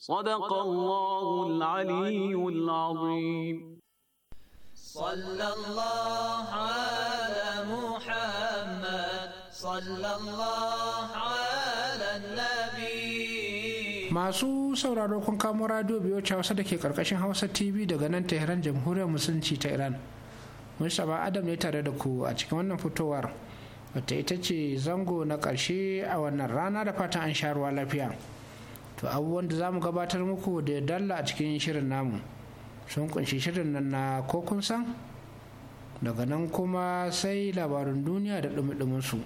صدق الله العلي العظيم صلى الله على محمد صلى الله على النبي masu sauraro kun kamo radio biyu hausa da ke karkashin hausa tv daga nan tehran jamhuriyar musulunci ta iran mustapha adam ne tare da ku a cikin wannan fitowar wata ita ce zango na karshe a wannan rana da fatan an sha ruwa lafiya to abubuwan da za mu gabatar muku da ya dalla a cikin shirin namu sun kunshi shirin nan na kokun san daga nan kuma sai labarin duniya da su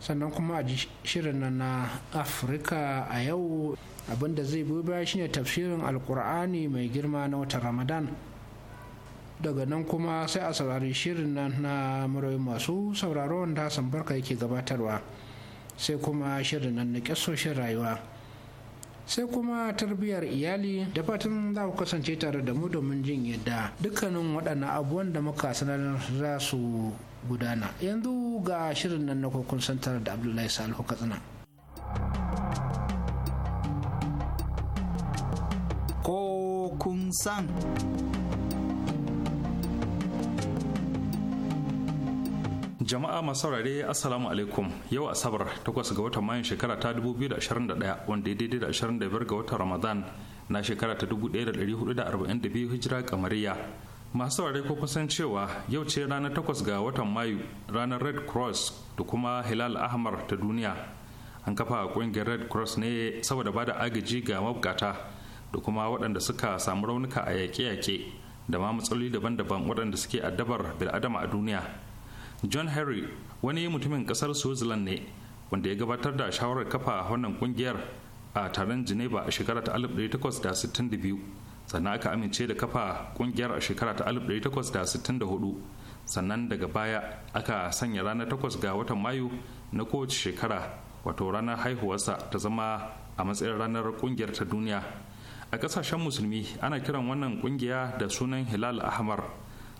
sannan kuma a shirin nan na afirka a yau abinda zai biyo baya shine tafsirin alkur'ani mai girma na watan ramadan daga nan kuma sai a saurari shirin nan na murai masu sauraron da barka yake gabatarwa sai kuma shirin nan na shirin rayuwa sai kuma tarbiyyar iyali da fatan za ku kasance tare da mu domin jin yadda dukkanin waɗannan abubuwan da muka sanar za su gudana yanzu ga shirin nan na kwakwun santar da abdullahi salihu katsina kokun san Jama'a masu saurare Assalamu alaikum yau Asabar 8 ga watan Mayun shekara ta 2021 wanda daidai da 25 ga watan Ramadan na shekara ta 1442 hijira kamariya. Masu saurare ko kusan cewa yau ce ranar 8 ga watan Mayu ranar Red Cross da kuma Hilal Ahmar ta duniya. An kafa kungiyar Red Cross ne saboda bada agaji ga mabukata da kuma waɗanda suka samu raunuka a yaƙe-yaƙe da ma matsaloli daban-daban waɗanda suke addabar bil'adama a duniya. john henry wani mutumin kasar switzerland ne wanda ya gabatar da shawarar kafa wannan kungiyar a taron geneva a shekara ta 1862 sannan aka amince da kafa kungiyar a shekara ta 1864 sannan daga baya aka sanya ranar 8 ga watan mayu na kowace shekara wato ranar haihuwarsa ta zama a matsayin ranar kungiyar ta duniya a kasashen musulmi ana kiran wannan kungiya da sunan hilal ahmar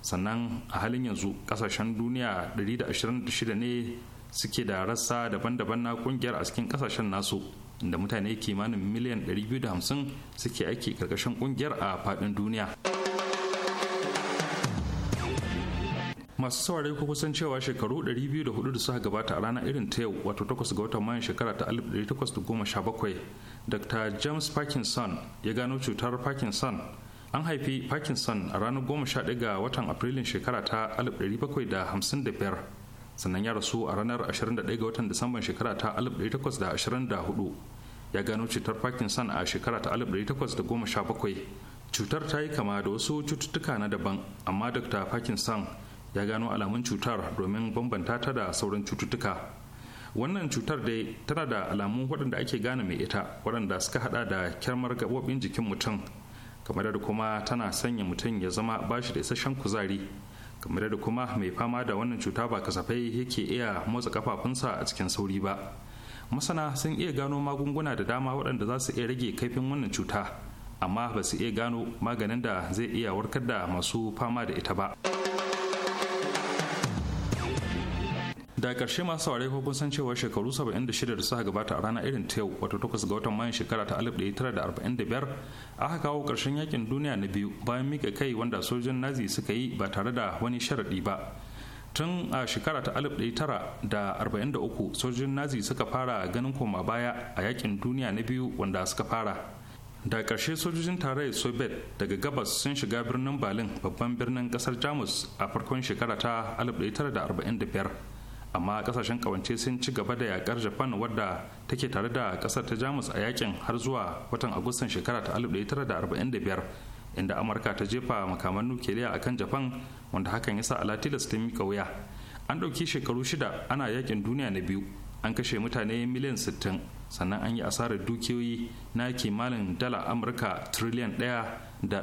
sannan a halin yanzu kasashen duniya 126 ne suke da rassa daban-daban na kungiyar a cikin kasashen nasu inda mutane kimanin miliyan 250 suke aiki karkashin kungiyar a faɗin duniya masu saurari ko kusan cewa shekaru 204 da suka gabata a ranar irin ta yau wato 8 ga watan mayan shekara ta 1817 dr james parkinson ya gano cutar parkinson an haifi parkinson a ranar 11 ga watan afrilun shekara ta 1755 sannan ya rasu a ranar 21 ga watan disamban shekara ta 1824 ya gano cutar parkinson a shekara ta 1817 cutar ta yi kama da wasu cututtuka na daban amma dr parkinson ya gano alamun cutar domin bambanta ta da sauran cututtuka wannan cutar dai tana da alamun waɗanda ake gane mai ita waɗanda suka hada da kyarmar gaɓoɓin jikin mutum kamar da kuma tana sanya mutum ya zama bashi da isasshen kuzari kamar da kuma mai fama da wannan cuta ba kasafai yake iya motsa kafafunsa a cikin sauri ba masana sun iya gano magunguna da dama waɗanda za su iya rage kaifin wannan cuta amma ba su iya gano maganin da zai iya warkar da masu fama da ita ba. da karshe masu saurare ko kun cewa shekaru 76 da suka gabata a rana irin ta yau wato 8 ga watan mayan shekara ta 1945 aka kawo karshen yakin duniya na biyu bayan mika kai wanda sojin nazi suka yi ba tare da wani sharaɗi ba tun a shekara ta 1943 sojin nazi suka fara ganin koma baya a yakin duniya na biyu wanda suka fara da ƙarshe sojojin tarayyar soviet daga gabas sun shiga birnin berlin babban birnin kasar jamus a farkon shekara ta 1945 amma kasashen kawance sun ci gaba da yakar japan wadda take tare da kasar ta jamus a yakin har zuwa watan agustan shekara ta 1945 inda amurka ta jefa makaman nukiliya akan japan wanda hakan ya sa alatilas ta mika wuya an ɗauki shekaru shida ana yakin duniya na biyu an kashe mutane miliyan 60 sannan an yi asarar dukiyoyi na kimanin dala amurka triliyan ɗaya da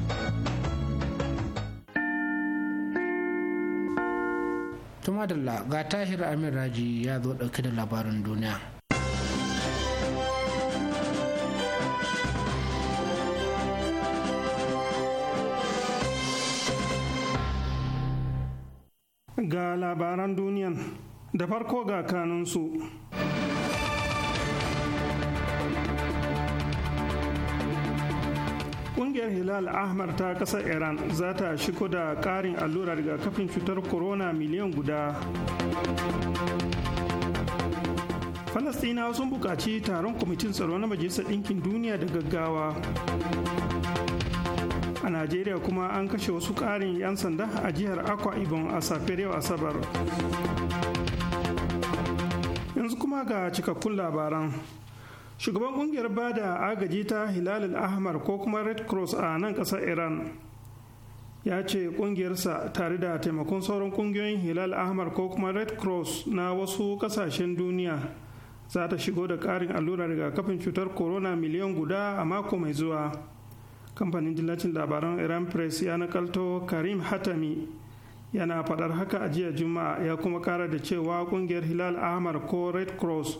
Tuma da ga Tahir Amir Raji ya zo ɗauke da labarin duniya. Ga labaran duniyan da farko ga kanunsu. kungiyar hilal ahmar ta kasar iran za ta shigo da karin allurar kafin cutar corona miliyan guda falastinawa sun buƙaci taron kwamitin tsaro na majalisar ɗinkin duniya da gaggawa a najeriya kuma an kashe wasu ƙarin 'yan sanda a jihar akwa ibom a safiyar yau asabar yanzu kuma ga cikakkun labaran shugaban kungiyar bada agaji ta hilal ahmar ko kuma red cross a nan kasar iran ya ce kungiyarsa tare da taimakon sauran kungiyoyin hilal ahmar ko kuma red cross na wasu kasashen duniya za ta shigo da karin allurar rigakafin cutar corona miliyan guda a mako mai zuwa kamfanin dillacin labaran iran press ya nakalto karim hatami yana faɗar haka a jiya juma'a ya kuma kara da cewa kungiyar hilal ahmar ko red cross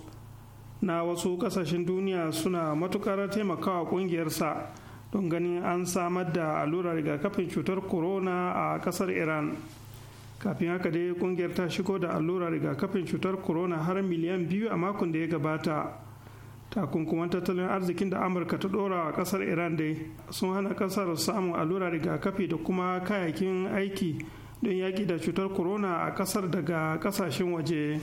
na wasu kasashen duniya suna matukar taimakawa kungiyarsa don ganin an samar da allurar rigakafin cutar corona a kasar iran kafin haka dai kungiyar ta shigo da allurar rigakafin cutar corona har miliyan biyu a makon da ya gabata takunkuman tattalin arzikin da amurka ta dora a kasar iran dai sun hana kasar samun allurar rigakafi da kuma kayayyakin aiki don yaƙi da cutar corona a kasar daga kasashen waje.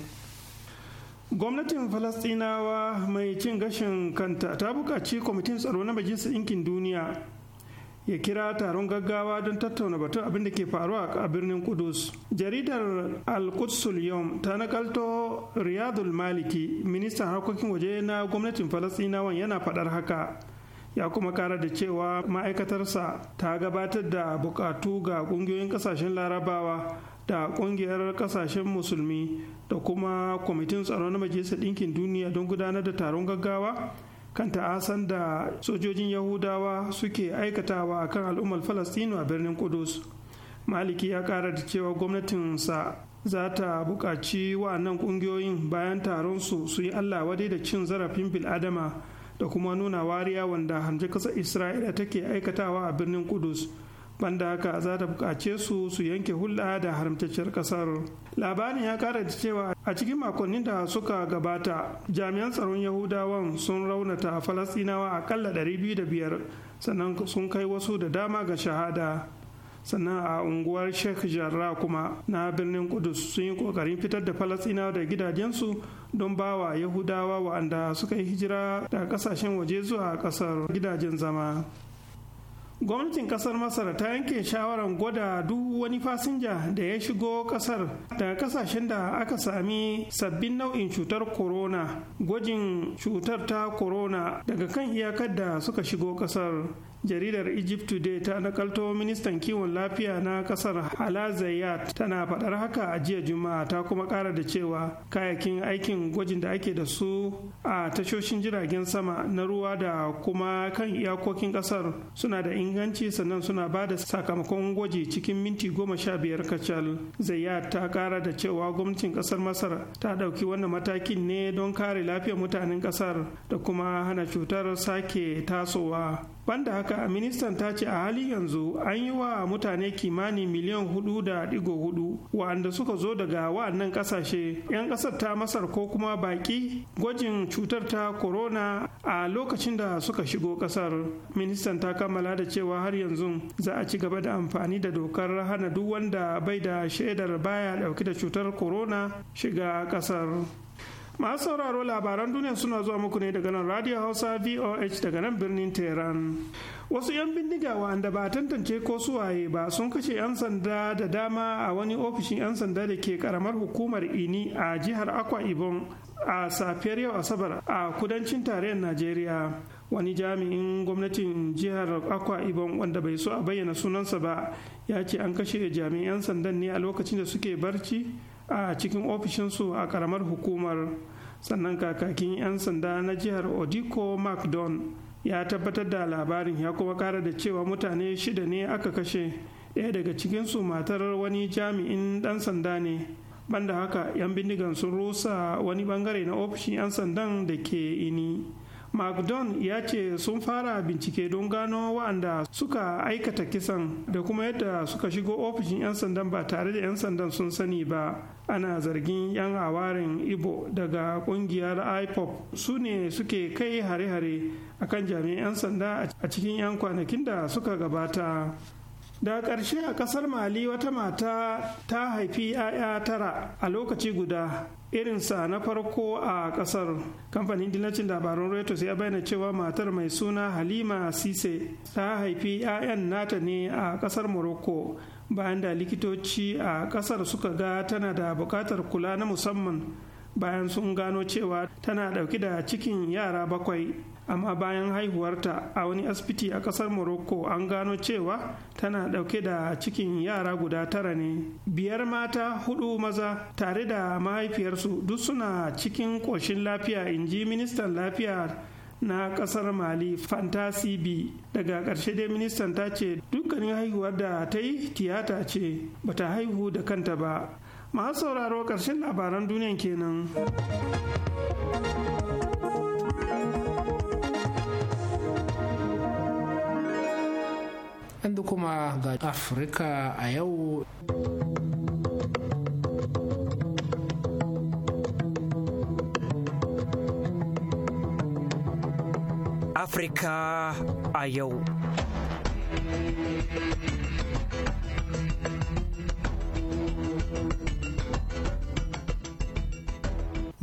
gwamnatin falastinawa mai cin gashin kanta ta buƙaci kwamitin tsaro na majalisar ɗinkin duniya ya kira taron gaggawa don tattauna batun abin da ke faruwa a birnin kudus jaridar al yom ta nakalto riyadul maliki ministan harkokin waje na gwamnatin falastinawan yana faɗar haka ya kuma kara da cewa ma'aikatarsa ta gabatar da bukatu ga kungiyoyin kasashen larabawa da kungiyar kasashen musulmi da kuma kwamitin tsaro na majalisar ɗinkin duniya don gudanar da taron gaggawa kan ta'asan da sojojin yahudawa suke aikatawa akan al'ummar falastinu a birnin kudus maliki ya kara da cewa gwamnatinsa za ta buƙaci nan ƙungiyoyin bayan taron su su yi allah wadai da cin zarafin bil'adama da kuma nuna wariya wanda hamji ƙasar isra'ila take aikatawa a birnin kudus banda haka za ta buƙace su su yanke hulɗa da haramtacciyar ƙasar labarin ya ƙara da cewa a cikin makonnin da suka gabata jami'an tsaron yahudawan sun raunata falastinawa akalla biyar, sannan sun kai wasu da dama ga shahada sannan a unguwar sheikh jarra kuma na birnin kudus sun yi kokarin fitar da falasinawa da gidajensu don ba wa yahudawa wa'anda suka yi hijira daga kasashen waje zuwa kasar gidajen zama gwamnatin kasar masar ta yanke shawarar gwada duk wani fasinja da ya shigo kasar daga kasashen da aka sami sabbin nau'in cutar corona gwajin cutar ta corona daga kan iyakar da suka shigo kasar jaridar egypt today ta nakalto ministan kiwon lafiya na kasar halazayat tana faɗar haka a jiya juma'a ta kuma ƙara da cewa kayakin aikin gwajin da ake da su a tashoshin jiragen sama na ruwa da kuma kan iyakokin kasar suna da inganci sannan suna ba da sakamakon gwaji cikin minti goma sha biyar kacal zayat ta ƙara da cewa gwamnatin kasar masar ta ɗauki wannan matakin ne don kare lafiyar mutanen kasar da kuma hana cutar sake tasowa banda haka ministan ta ce a hali yanzu an yi wa mutane kimanin miliyan hudu da digo hudu wa'anda suka zo daga wa'annan ƙasashe 'yan kasar ta masar ko kuma baƙi gwajin cutar ta corona a lokacin da suka shigo ƙasar, ministan ta kammala da cewa har yanzu za a ci gaba da amfani da dokar hana duk wanda bai da shaidar baya dauke da cutar corona shiga ƙasar. masu sauraro labaran duniya suna zuwa muku ne daga nan radio hausa voh daga nan birnin tehran wasu 'yan bindiga wanda ba tantance ko suwaye ba sun kashe 'yan sanda da dama a wani ofishin 'yan sanda da ke karamar hukumar ini a jihar akwa ibom a safiyar yau asabar a kudancin tarayyar najeriya wani jami'in gwamnatin jihar akwa ibom wanda bai so a bayyana sunansa ba ya ce an kashe jami'an sandan ne a lokacin da suke barci a cikin ofishinsu a karamar hukumar sannan kakakin 'yan sanda na jihar odiko macdon ya tabbatar da labarin ya kuma kara da cewa mutane shida ne aka kashe ɗaya daga cikinsu matar wani jami'in ɗan sanda ne banda haka 'yan bindigan sun rusa wani bangare na ofishin 'yan sandan da ke ini macdon ya ce sun fara bincike don gano waɗanda suka aikata kisan da kuma yadda suka shigo ofishin 'yan sandan ba tare da 'yan sandan sun sani ba ana zargin 'yan awarin ibo daga kungiyar ipop su ne suke kai hare-hare a kan jami'an 'yan sanda a cikin 'yan kwanakin da suka gabata da ƙarshe a ƙasar mali wata mata ta haifi 'ya'ya tara a lokaci guda irinsa na farko a kasar kamfanin dillacin labarun reuters ya bayyana cewa matar mai suna halima sise ta haifi 'ya'yan nata ne a kasar morocco bayan da likitoci a kasar suka ga tana da bukatar kula na musamman bayan sun gano cewa tana dauki da cikin yara bakwai amma bayan haihuwarta a wani asibiti a kasar morocco an gano cewa tana dauke da cikin yara guda tara ne biyar mata hudu maza tare da mahaifiyarsu duk suna cikin ƙoshin lafiya in ji ministan lafiya na kasar mali fantasi b daga ƙarshe dai ministan ta ce dukkanin haihuwar da ta yi tiyata ce bata haihu da kanta ba masu sauraro ƙarshen labaran duniyan kenan. yanzu kuma ga afirka a yau afirka a yau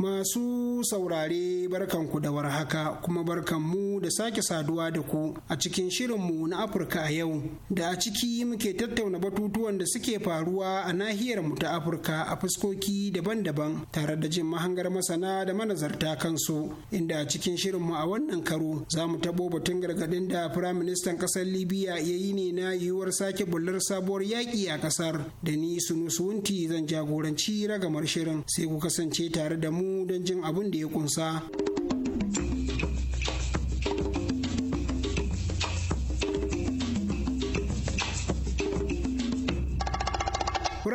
Masu saurare barkanku da warhaka kuma barkan mu da sake saduwa da ku a cikin shirinmu na Afirka a yau da a ciki muke tattauna batutuwan da suke faruwa a nahiyar mu ta Afirka a fuskoki daban-daban tare da jin mahangar masana da manazarta kansu inda a cikin shirinmu a wannan karo za mu tabo batun gargadin da Firaministan ƙasar Libya ya yi ne na yiwuwar sake bullar sabuwar yaƙi a ƙasar da ni Sunusuwunti zan jagoranci ragamar shirin sai ku kasance tare da mu don jin abin da ya kunsa.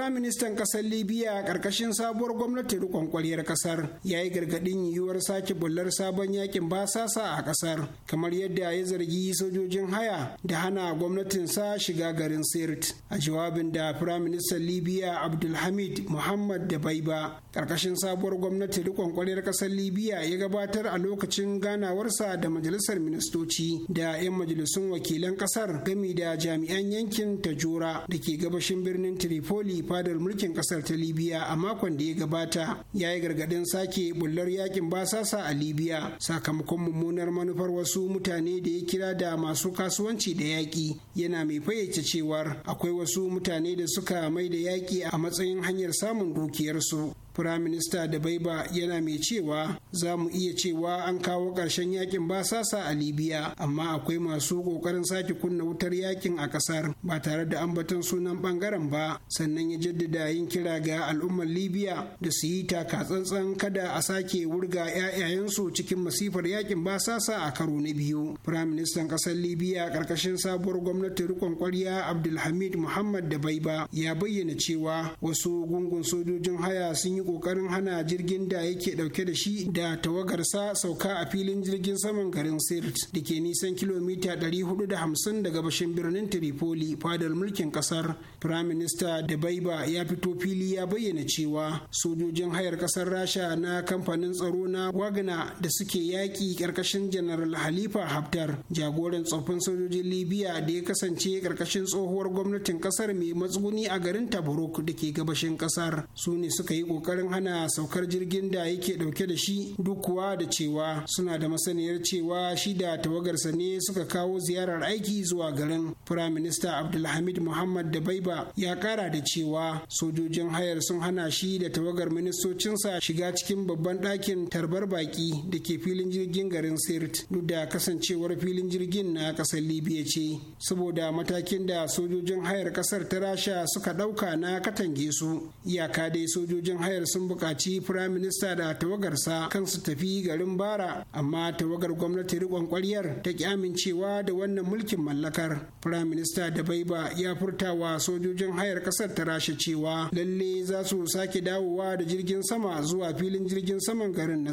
Firaministan ƙasar Libya ƙarƙashin sabuwar gwamnati rikon kwaliyar ƙasar ya yi gargaɗin yiwuwar sake bullar sabon yakin basasa a ƙasar kamar yadda ya zargi sojojin haya da hana gwamnatin sa shiga garin Sirt. A jawabin da Firaministan Libya Abdulhamid Muhammad da Baiba ƙarƙashin sabuwar gwamnati rikon kwaliyar ƙasar Libya ya gabatar a lokacin ganawarsa da majalisar ministoci da 'yan majalisun wakilan ƙasar gami da jami'an yankin tajora da ke gabashin birnin Tripoli fadar mulkin kasar ta libya a makon da ya gabata ya yi gargadin sake bullar yakin basasa a libya sakamakon mummunar manufar wasu mutane da ya kira da masu kasuwanci da yaƙi yana mai fayyace cewar akwai wasu mutane da suka mai da yaƙi a matsayin hanyar samun dukiyarsu Firaminista da baiba yana mai cewa za mu iya cewa an kawo ƙarshen yakin basasa a Libya amma akwai masu ƙoƙarin sake kunna wutar yakin a ƙasar ba tare da ambaton sunan ɓangaren ba sannan ya jaddada yin kira ga al'ummar Libya da su yi taka tsantsan kada a sake wurga 'ya'yayensu cikin masifar yakin basasa a karo na biyu. Firaministan ƙasar Libya ƙarƙashin sabuwar gwamnati riƙon ƙwarya Abdulhamid Muhammad da baiba ya bayyana cewa wasu gungun sojojin haya sun yi yi kokarin hana jirgin da yake dauke da shi da tawagarsa sauka a filin jirgin saman garin sirt da ke nisan kilomita 450 daga bashin birnin tripoli fadar mulkin kasar prime minister baiba ya fito fili ya bayyana cewa sojojin hayar kasar rasha na kamfanin tsaro na wagna da suke yaƙi karkashin general halifa haftar jagoran tsoffin sojojin libya da ya kasance karkashin tsohuwar gwamnatin kasar mai matsuguni a garin tabruk da ke gabashin kasar su ne suka yi ƙoƙarin kokarin hana saukar jirgin da yake dauke da shi duk kuwa da cewa suna da masaniyar cewa shi da tawagarsa ne suka kawo ziyarar aiki zuwa garin firaminista abdulhamid muhammad da baiba ya kara da cewa sojojin hayar sun hana shi da tawagar ministocinsa shiga cikin babban ɗakin tarbar baki da ke filin jirgin garin sirt duk da kasancewar filin jirgin na ƙasar libya ce saboda matakin da sojojin hayar ƙasar ta rasha suka ɗauka na katange su iyaka dai sojojin hayar da sun buƙaci Firaminista da tawagarsa kan su tafi garin Bara, amma tawagar gwamnati riƙon ƙwaryar ta ki amincewa da wannan mulkin mallakar. Firaminista da Baiba ya furtawa sojojin hayar ƙasar ta rasha cewa lalle za su sake dawowa da jirgin sama zuwa filin jirgin saman garin na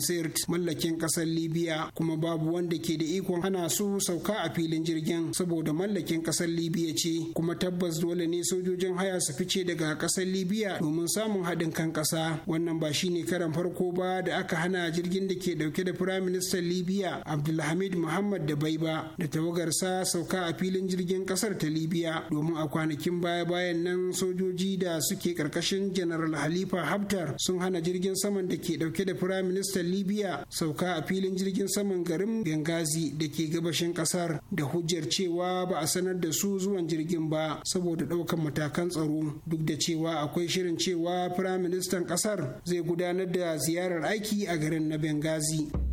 mallakin ƙasar Libya kuma babu wanda ke da ikon hana su sauka a filin jirgin saboda mallakin ƙasar Libya ce kuma tabbas dole ne sojojin haya su fice daga ƙasar Libya domin samun haɗin kan ƙasa wannan ba shine karan farko ba da aka hana jirgin da ke dauke da firayim ministan libya abdulhamid muhammad da bai ba da tawagarsa sauka a filin jirgin kasar ta libya domin a kwanakin baya bayan nan sojoji da suke karkashin general halifa haftar sun hana jirgin saman da ke dauke da firayim ministan libya sauka a filin jirgin saman garin gangazi da ke gabashin kasar da hujjar cewa ba a sanar da su zuwan jirgin ba saboda daukan matakan tsaro duk da cewa akwai shirin cewa firayim ministan kasar kasar zai gudanar da ziyarar aiki a garin na Benghazi.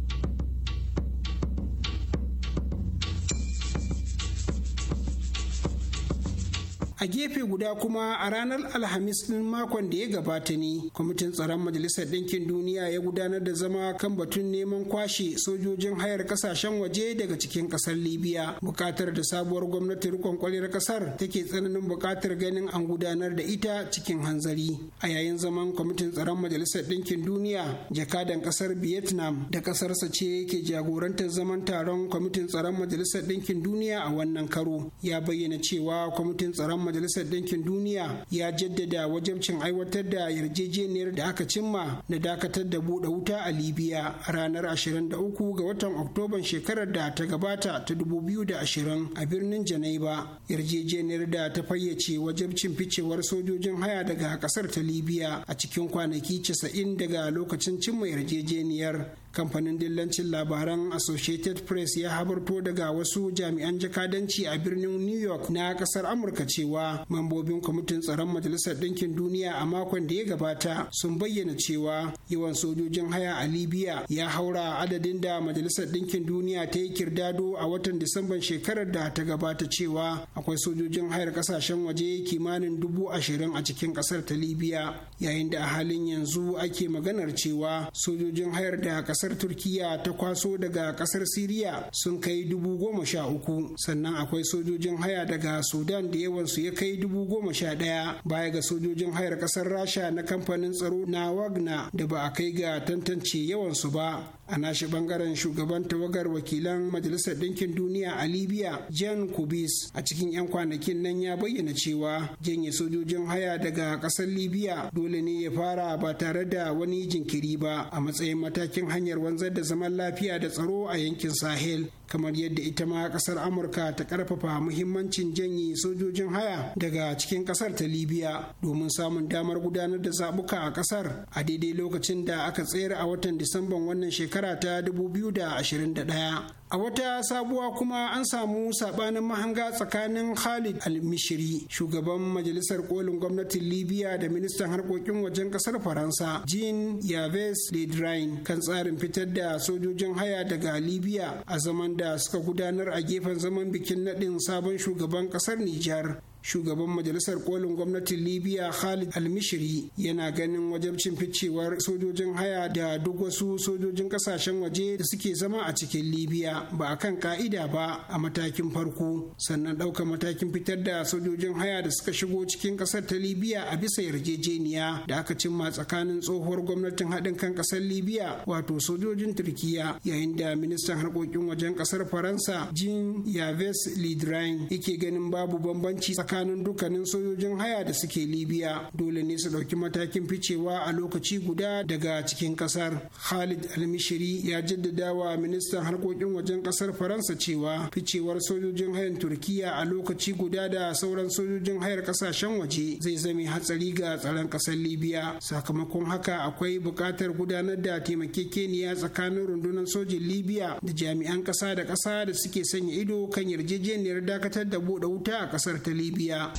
a gefe guda kuma a ranar alhamis din makon da ya gabata ne kwamitin tsaron majalisar ɗinkin duniya ya gudanar da zama kan batun neman kwashe sojojin hayar kasashen waje daga cikin ƙasar libya buƙatar da sabuwar gwamnati rikon kwaliyar ƙasar take tsananin buƙatar ganin an gudanar da ita cikin hanzari a yayin zaman kwamitin tsaron majalisar ɗinkin duniya jakadan ƙasar vietnam da ƙasarsa ce ke jagorantar zaman taron kwamitin tsaron majalisar ɗinkin duniya a wannan karo ya bayyana cewa kwamitin tsaron majalisar Dinkin duniya ya jaddada wajabcin aiwatar da yarjejeniyar da aka cimma na dakatar da buɗe wuta a libya ranar 23 ga watan oktoban shekarar da ta gabata ta 2020 a birnin janaiba yarjejeniyar da ta fayyace wajabcin ficewar sojojin haya daga ƙasar ta libya a cikin kwanaki 90 daga lokacin cimma yarjejeniyar kamfanin dillancin labaran associated press ya habarto daga wasu jami'an jakadanci a birnin new york na kasar amurka cewa mambobin kwamitin tsaron majalisar ɗinkin duniya a makon da ya gabata sun bayyana cewa yawan sojojin haya a libya ya haura adadin da majalisar ɗinkin duniya ta yi kirdado a watan disamban shekarar da ta gabata cewa akwai sojojin hayar ƙasashen waje kimanin dubu ashirin a cikin ƙasar ta libya yayin da a halin yanzu ake maganar cewa sojojin hayar da kasar turkiya ta kwaso daga kasar siriya sun kai dubu goma sha uku sannan akwai sojojin haya daga sudan da yawansu ya kai dubu goma sha ɗaya baya ga sojojin hayar kasar rasha na kamfanin tsaro na wagna da ba a kai ga tantance yawansu ba a nashi bangaren shugaban tawagar wakilan majalisar ɗinkin duniya a libya jan kubis a cikin 'yan kwanakin nan ya bayyana cewa janye sojojin haya daga ƙasar libya dole ne ya fara ba tare da wani jinkiri ba a matsayin matakin hanyar wanzar da zaman lafiya da tsaro a yankin sahel kamar yadda ita ma kasar amurka ta karfafa muhimmancin janye sojojin haya daga cikin kasar ta libya domin samun damar gudanar da zabuka a kasar a daidai lokacin da aka tsayar a watan disamban wannan shekara ta 2021 A wata sabuwa kuma an samu sabanin mahanga tsakanin Khalid al mishiri shugaban majalisar kolin gwamnatin Libya da ministan harkokin wajen kasar Faransa, Jean Yves Le Drian, kan tsarin fitar da sojojin haya daga Libya a zaman da suka gudanar a gefen zaman bikin nadin sabon shugaban kasar Nijar. shugaban majalisar kolin gwamnatin libya khalid almishiri yana ganin wajabcin ficewar sojojin haya da duk wasu sojojin kasashen waje da suke zama a cikin libya ba a kan ka'ida ba a matakin farko sannan ɗaukar matakin fitar da sojojin haya da suka shigo cikin ƙasar ta libya a bisa yarjejeniya da aka cimma tsakanin tsohuwar gwamnatin haɗin kan ƙasar libya wato sojojin turkiya yayin da ministan harkokin wajen ƙasar faransa jean yaves lidrain yake ganin babu bambanci tsakanin tsakanin dukkanin sojojin haya da suke Libya dole ne su ɗauki matakin ficewa a lokaci guda daga cikin ƙasar. Khalid Almishiri ya jaddada wa ministan harkokin wajen ƙasar Faransa cewa ficewar sojojin hayan Turkiya a lokaci guda da sauran sojojin hayar ƙasashen waje zai zame hatsari ga tsaron ƙasar Libya. Sakamakon haka akwai buƙatar gudanar da taimakekeniya tsakanin rundunar sojin Libya da jami'an ƙasa da ƙasa da suke sanya ido kan yarjejeniyar dakatar da buɗe wuta a ƙasar ta Libya. libya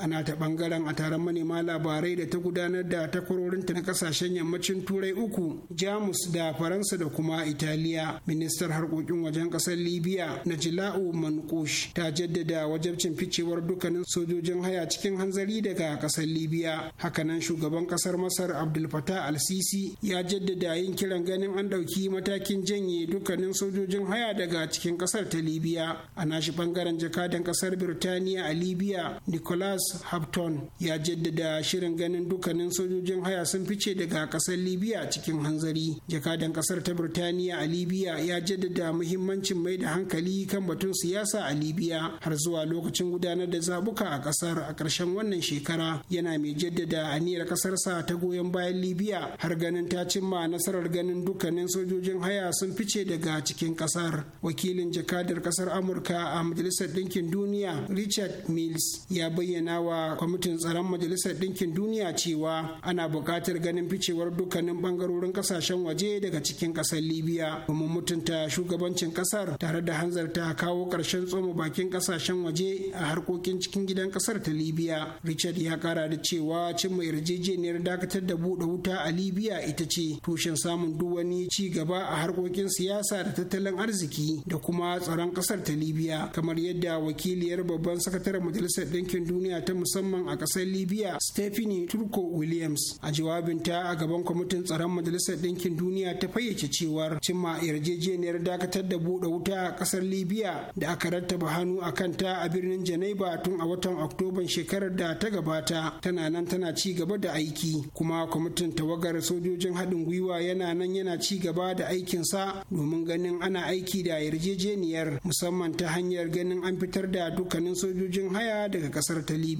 ana ta bangaren a taron manema labarai da ta gudanar da takwarorinta na kasashen yammacin turai uku jamus da faransa da kuma italiya ministar harkokin wajen kasar libya na jila'u mankush ta jaddada wajabcin ficewar dukkanin sojojin haya cikin hanzari daga kasar libya hakanan shugaban kasar masar abdul fatah al-sisi ya jaddada yin kiran ganin an ɗauki matakin janye dukkanin sojojin haya daga cikin kasar ta libya a nashi bangaren jakadan kasar birtaniya a libya nicolas Hampton ya jaddada shirin ganin dukkanin sojojin haya sun fice daga kasar Libya cikin hanzari. Jakadan kasar ta Birtaniya a Libya ya jaddada muhimmancin mai da hankali kan batun siyasa a Libya har zuwa lokacin gudanar da zabuka a kasar a ƙarshen wannan shekara yana mai jaddada aniyar ƙasarsa ta goyon bayan Libya har ganin ta cimma nasarar ganin dukkanin sojojin haya sun fice daga cikin kasar. Wakilin jakadar kasar Amurka a Majalisar Ɗinkin Duniya Richard Mills ya bayyana wa kwamitin tsaron majalisar ɗinkin duniya cewa ana buƙatar ganin ficewar dukkanin bangarorin ƙasashen waje daga cikin ƙasar libya Kuma mutunta shugabancin ƙasar tare da hanzarta kawo ƙarshen tsoma bakin ƙasashen waje a harkokin cikin gidan ƙasar ta libya richard ya ƙara da cewa cimma yarjejeniyar dakatar da buɗe wuta a libya ita ce tushen samun duk wani ci gaba a harkokin siyasa da tattalin arziki da kuma tsaron ƙasar ta libya kamar yadda wakiliyar babban sakataren majalisar ɗinkin duniya ta musamman a ƙasar libya stephanie turko williams a jawabinta a gaban kwamitin tsaron majalisar ɗinkin duniya ta fayyace cewar cimma yarjejeniyar dakatar da buɗe wuta a ƙasar libya da aka rattaba hannu a kanta a birnin janaiba tun a watan oktoban shekarar da ta gabata tana nan tana ci gaba da aiki kuma kwamitin tawagar sojojin haɗin gwiwa yana nan yana ci gaba da aikinsa domin ganin ana aiki da yarjejeniyar musamman ta hanyar ganin an fitar da dukkanin sojojin haya daga ƙasar ta libya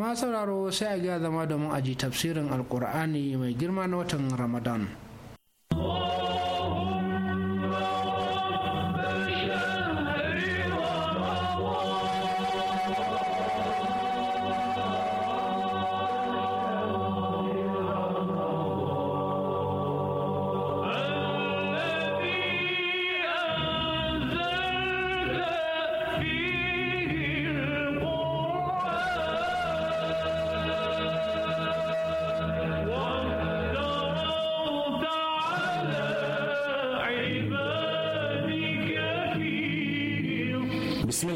ma sauraro sai a gaya zama domin aji tafsirin alkur'ani mai girma na watan ramadan.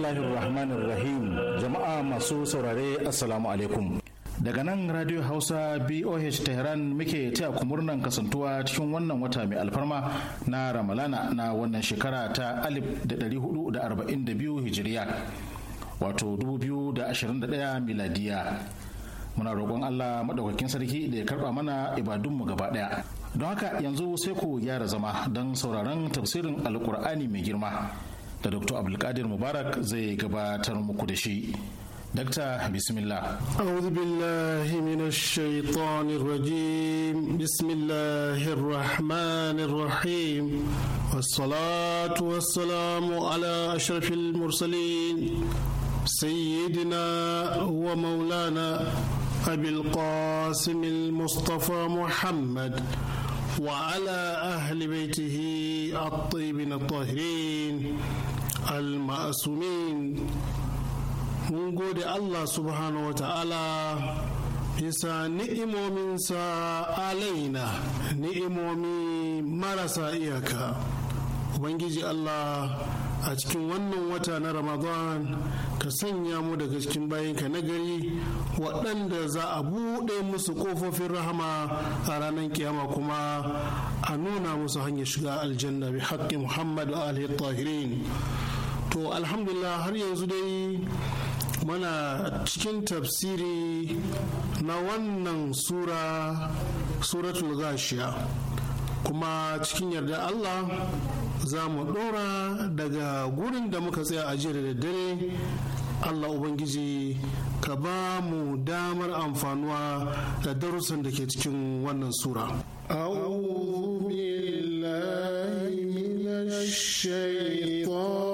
bismillahir rahmanir rahim jama'a masu saurare assalamu alaikum daga nan radio hausa boh tehran muke taya ku murnan kasantuwa cikin wannan wata mai alfarma na ramalana na wannan shekara ta 1442 hijiriya wato 2021 miladiya muna roƙon Allah maɗaukakin sarki da ya karɓa mana ibadun mu gaba ɗaya. Don haka yanzu sai ku gyara zama don sauraron tafsirin Alƙur'ani mai girma. da dr abdulkadir mubarak zai gabatar muku da shi دكتور بسم الله أعوذ بالله من الشيطان الرجيم بسم الله الرحمن الرحيم والصلاة والسلام على أشرف المرسلين سيدنا ومولانا أبي القاسم المصطفى محمد وعلى أهل بيته الطيبين الطاهرين al-ma'asumin mun gode Allah subhanahu wa ta'ala bisa ni'imominsa alaina ni'imomi marasa iyaka ubangiji Allah a cikin wannan wata na ramadan ka sanya mu daga cikin bayanka na gari waɗanda za a buɗe musu ƙofofin rahama a ranar kiyama kuma a nuna musu hanyar shiga aljanna bi haƙƙi muhammadu alihi tahirin to alhamdulillah har yanzu dai mana cikin tafsiri na wannan sura suratul gashiya kuma cikin yarda Allah za mu ɗora daga gurin da muka tsaya a jiya da daddare Allah Ubangiji ka ba mu damar amfanuwa da darussan da ke cikin wannan sura. أعوذ بالله من الشيطان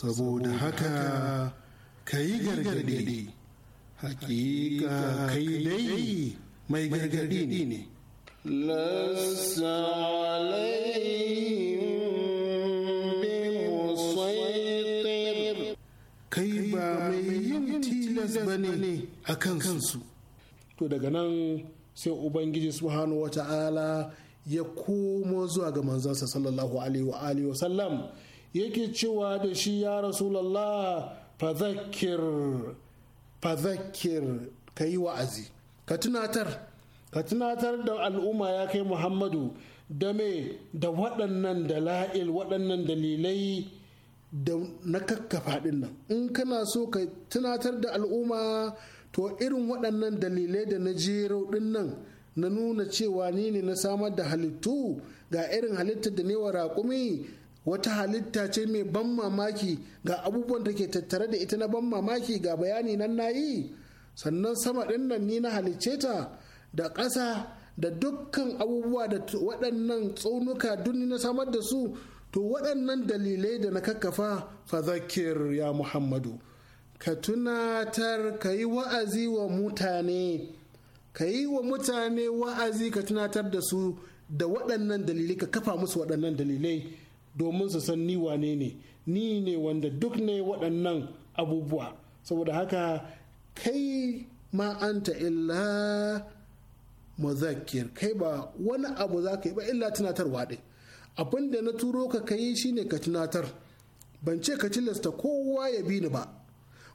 saboda haka ka yi gargaɗi hakika kai dai mai gargaɗi ne kai ba mai yin tilas ba ne a kansu to daga nan sai ubangiji subhanahu wa ta'ala ya komo zuwa ga manzansa sallallahu alaihi wa sallam yake cewa da shi ya rasulallah fadhakir fadhakir ka yi wa'azi ka tunatar ka tunatar da al'umma ya kai muhammadu da me da waɗannan dala'il waɗannan dalilai da na kakkafa nan in kana so ka tunatar da al'umma to irin waɗannan dalilai da na jero ɗin nan na nuna cewa ni ne na samar da halittu ga irin halittar da ne wa raƙumi wata halitta ce mai ban mamaki ga abubuwan da ke tattare da ita na ban mamaki ga bayani nan na yi sannan sama ɗin nan ni na halicce ta da ƙasa da dukkan abubuwa da waɗannan tsaunuka duni na samar da su to waɗannan dalilai da na kakkafa fazakir ya muhammadu ka tunatar ka yi wa'azi wa mutane ka yi wa mutane wa'azi ka tunatar da su da waɗannan dalilai ka kafa musu waɗannan dalilai domin su san ni wane ne ni ne wanda duk ne waɗannan abubuwa saboda haka kai ma anta illa mazakir kai ba wani abu za ka yi ba illa tunatarwa ɗai abin da na turo ka ka yi shine ka tunatar ban ce ka tilasta kowa ya bi ni ba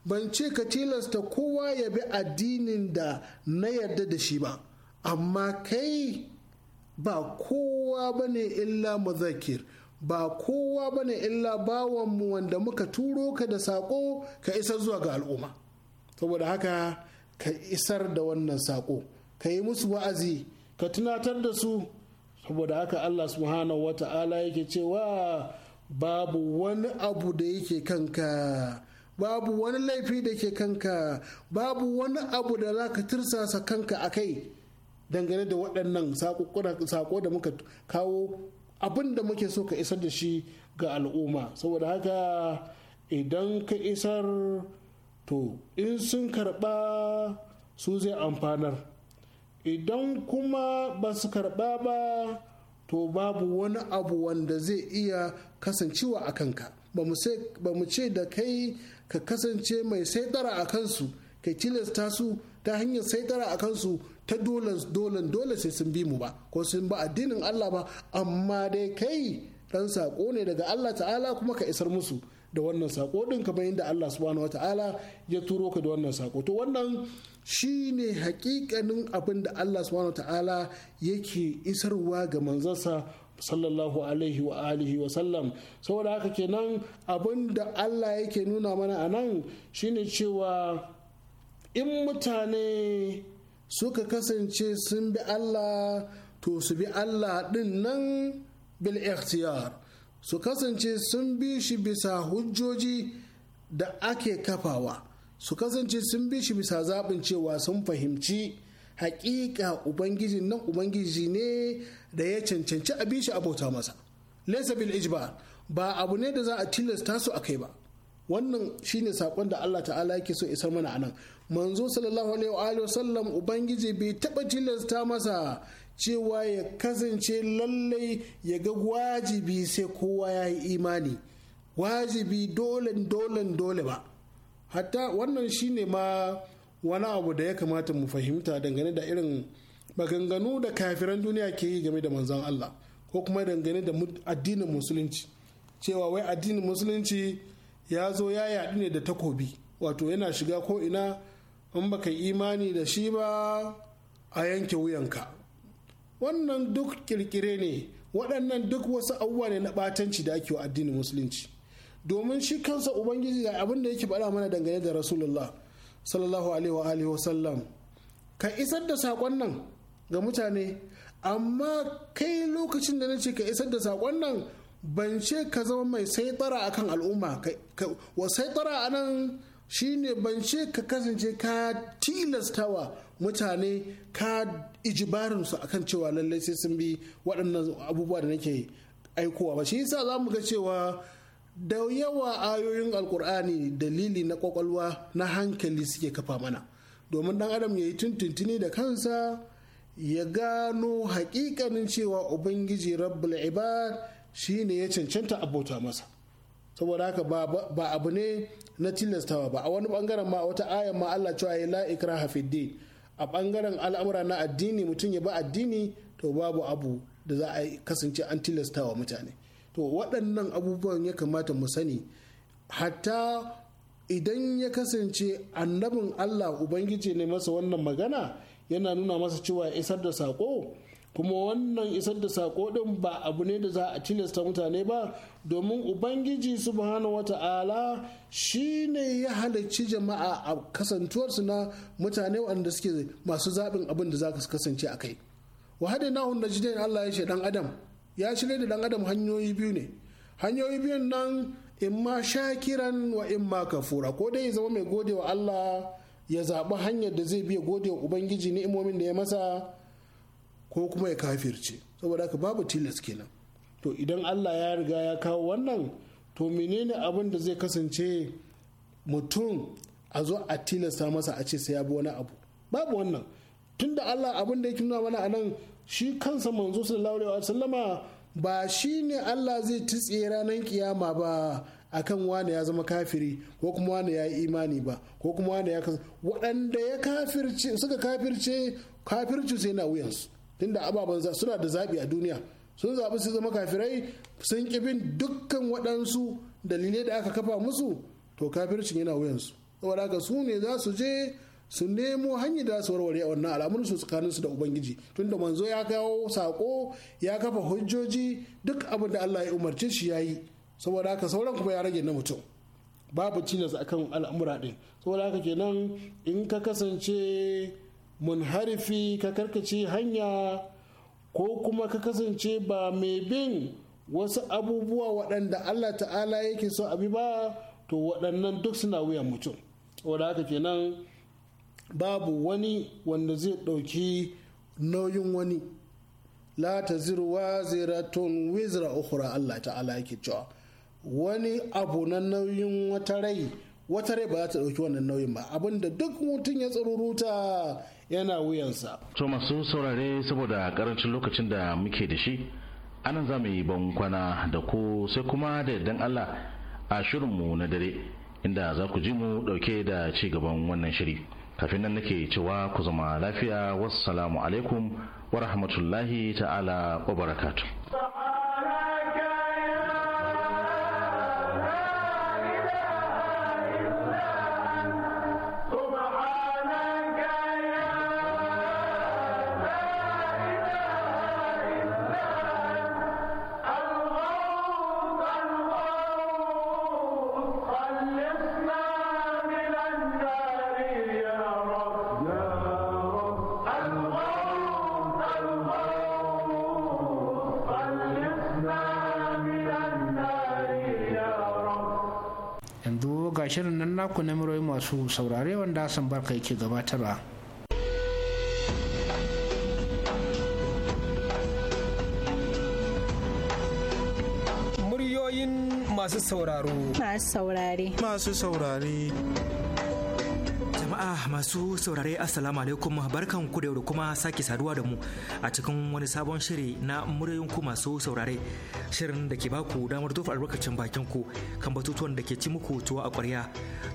ban ce ka tilasta kowa ya bi addinin da na yarda da shi ba amma kai ba kowa ba ne illa mazakir ba kowa ba ne illa bawanmu wanda muka turo ka da saƙo ka isar zuwa ga al'umma saboda haka ka isar da wannan saƙo ka yi musu wa'azi ka tunatar da su saboda haka allah subhanahu wa ta'ala yake cewa babu wani abu da yake kanka babu wani laifi da ke kanka babu wani abu da za ka tirsasa kanka a kai dangane da waɗannan saƙo da muka kawo abin da muke so ka isar da shi ga al'umma saboda haka idan ka isar to in sun karba su zai amfanar idan kuma ba su karba ba to babu wani abu wanda zai iya kasancewa a kanka ba mu ce da kai ka kasance mai saitara a kansu ka tilasta su ta hanyar saitara a kansu ta dolan dolan dole sai sun bi mu ba ko sun ba addinin Allah ba amma dai kai dan sako ne daga Allah ta'ala kuma ka isar musu da wannan sako din kamar yadda Allah subhanahu wata'ala ya turo ka da wannan sako to wannan shine hakikanin abin da Allah subhanahu wata'ala yake isarwa ga manzansa sallallahu alaihi wa alihi wa sallam saboda haka kenan abin da Allah yake nuna mana a nan shine cewa in mutane suka kasance sun bi Allah to su bi Allah ɗin nan bil ikhtiyar su kasance sun bi shi bisa hujjoji da ake kafawa su kasance sun bi shi bisa zaɓin cewa sun fahimci haƙiƙa ubangiji nan ubangiji ne da ya cancanci a bi shi abota masa laysa bil ijbar ba abu ne da za a tilasta su a kai ba wannan shine sakon da Allah ta'ala yake so isar mana anan manzo sallallahu alaihi wa sallam ubangiji bai taba tilasta masa cewa ya kasance lallai ya ga wajibi sai kowa ya yi imani wajibi dole dole dole ba hatta wannan shine ma wani abu da ya kamata mu fahimta dangane da irin maganganu da kafiran duniya ke yi game da manzon Allah ko kuma dangane da addinin musulunci cewa wai addinin musulunci ya zo ya yaɗu ne da takobi wato yana shiga ko ina in baka imani da shi ba a yanke wuyanka wannan duk kirkire ne waɗannan duk wasu abubuwa ne na ɓatanci da ake wa addinin musulunci domin shi kansa ubangiji ga abin da yake faɗa mana dangane da rasulullah sallallahu alaihi wa wa sallam ka isar da saƙon nan ga mutane amma kai lokacin da na ce ka isar da saƙon nan ban ce ka zama mai saitara kan al'umma wa saitara anan shine ban ce ka kasance ka tilastawa mutane ka ijibarinsu kan cewa lallai sai sun bi waɗannan abubuwa da nake aikowa ba shi yasa za mu ga cewa da yawa ayoyin alkur'ani dalili na kwakwalwa na hankali suke kafa mana domin dan adam ya yi tuntuntuni da kansa ya gano hakikanin cewa ubangiji rabbul ibad shi ne ya cancanta abota masa saboda haka ba abu ne na tilastawa ba a wani bangaren ma wata ayan ma Allah cewa ya la ikraha a bangaren al'amura na addini mutum ya ba addini to babu abu da za a kasance an tilastawa mutane to waɗannan abubuwan ya kamata mu sani hatta idan ya kasance annabin Allah ubangiji ne masa wannan magana yana nuna masa cewa isar da saƙo kuma wannan isar da sako din ba abu ne da za a tilasta mutane ba domin ubangiji subhanahu wata'ala shi ne ya halarci jama'a a su na mutane wanda suke masu zaɓin abin da za ka kasance a kai wahada na hun najidain allah ya ce dan adam ya shirya da dan adam hanyoyi biyu ne hanyoyi biyun nan in ma shakiran wa in ma kafura ko dai ya zama mai gode wa allah ya zaɓi hanyar da zai biya gode ubangiji ni'imomin da ya masa ko kuma ya kafirce saboda haka babu tilas kenan to idan Allah ya riga ya kawo wannan to menene abin da zai kasance mutum a zo a tilasta masa a ce sai ya bi wani abu babu wannan tunda Allah abin da yake nuna mana a nan shi kansa manzo sallallahu alaihi wasallama ba shi ne Allah zai titse ranar kiyama ba akan wani ya zama kafiri ko kuma wani ya yi imani ba ko kuma wani ya kasa waɗanda ya kafirce suka kafirce kafirci sai na wuyansu tunda ababen za suna da zaɓi a duniya sun zaɓi su zama kafirai sun ƙi dukkan waɗansu dalilai da aka kafa musu to kafircin yana wuyansu saboda haka su ne za su je su nemo hanyar da su warware a wannan al'amuran tsakaninsu da ubangiji tunda manzo ya kawo saƙo ya kafa hujjoji duk abin da Allah ya umarci shi ya yi saboda haka sauran kuma ya rage na mutum babu cilas akan al'amura ɗin saboda haka kenan in ka kasance munharifi ka karkace hanya ko kuma ka kasance ba mai bin wasu abubuwa waɗanda Allah ta'ala yake so abi ba to waɗannan duk suna wuyan mutum wadda haka kenan babu wani wanda zai ɗauki nauyin wani la ta zirwa ziratun wizra ukhra Allah ta'ala yake cewa wani abu na nauyin wata rai wata rai ba za ta ɗauki wannan nauyin ba abinda duk mutum ya tsururuta yana wuyansa to masu saurare saboda karancin lokacin da muke da shi anan za mu yi kwana da ku sai kuma da yardan Allah a shirinmu na dare inda za ku ji mu dauke da ci gaban wannan shiri kafin nan nake cewa ku zama lafiya wassalamu alaikum wa rahmatullahi ta'ala wa barakatuh a shirin nan naku na miroyi masu saurare wanda Hassan Barka yake gabatarwa. Muryoyin masu sauraro. Masu saurare. Masu saurare. masu saurare assalamu alaikum barkan ku da yau da kuma sake saduwa da mu a cikin wani sabon shiri na muryoyin ku masu saurare shirin da ke baku damar tofa albarkacin bakin ku kan batutuwan da ke ci muku tuwa a ƙwarya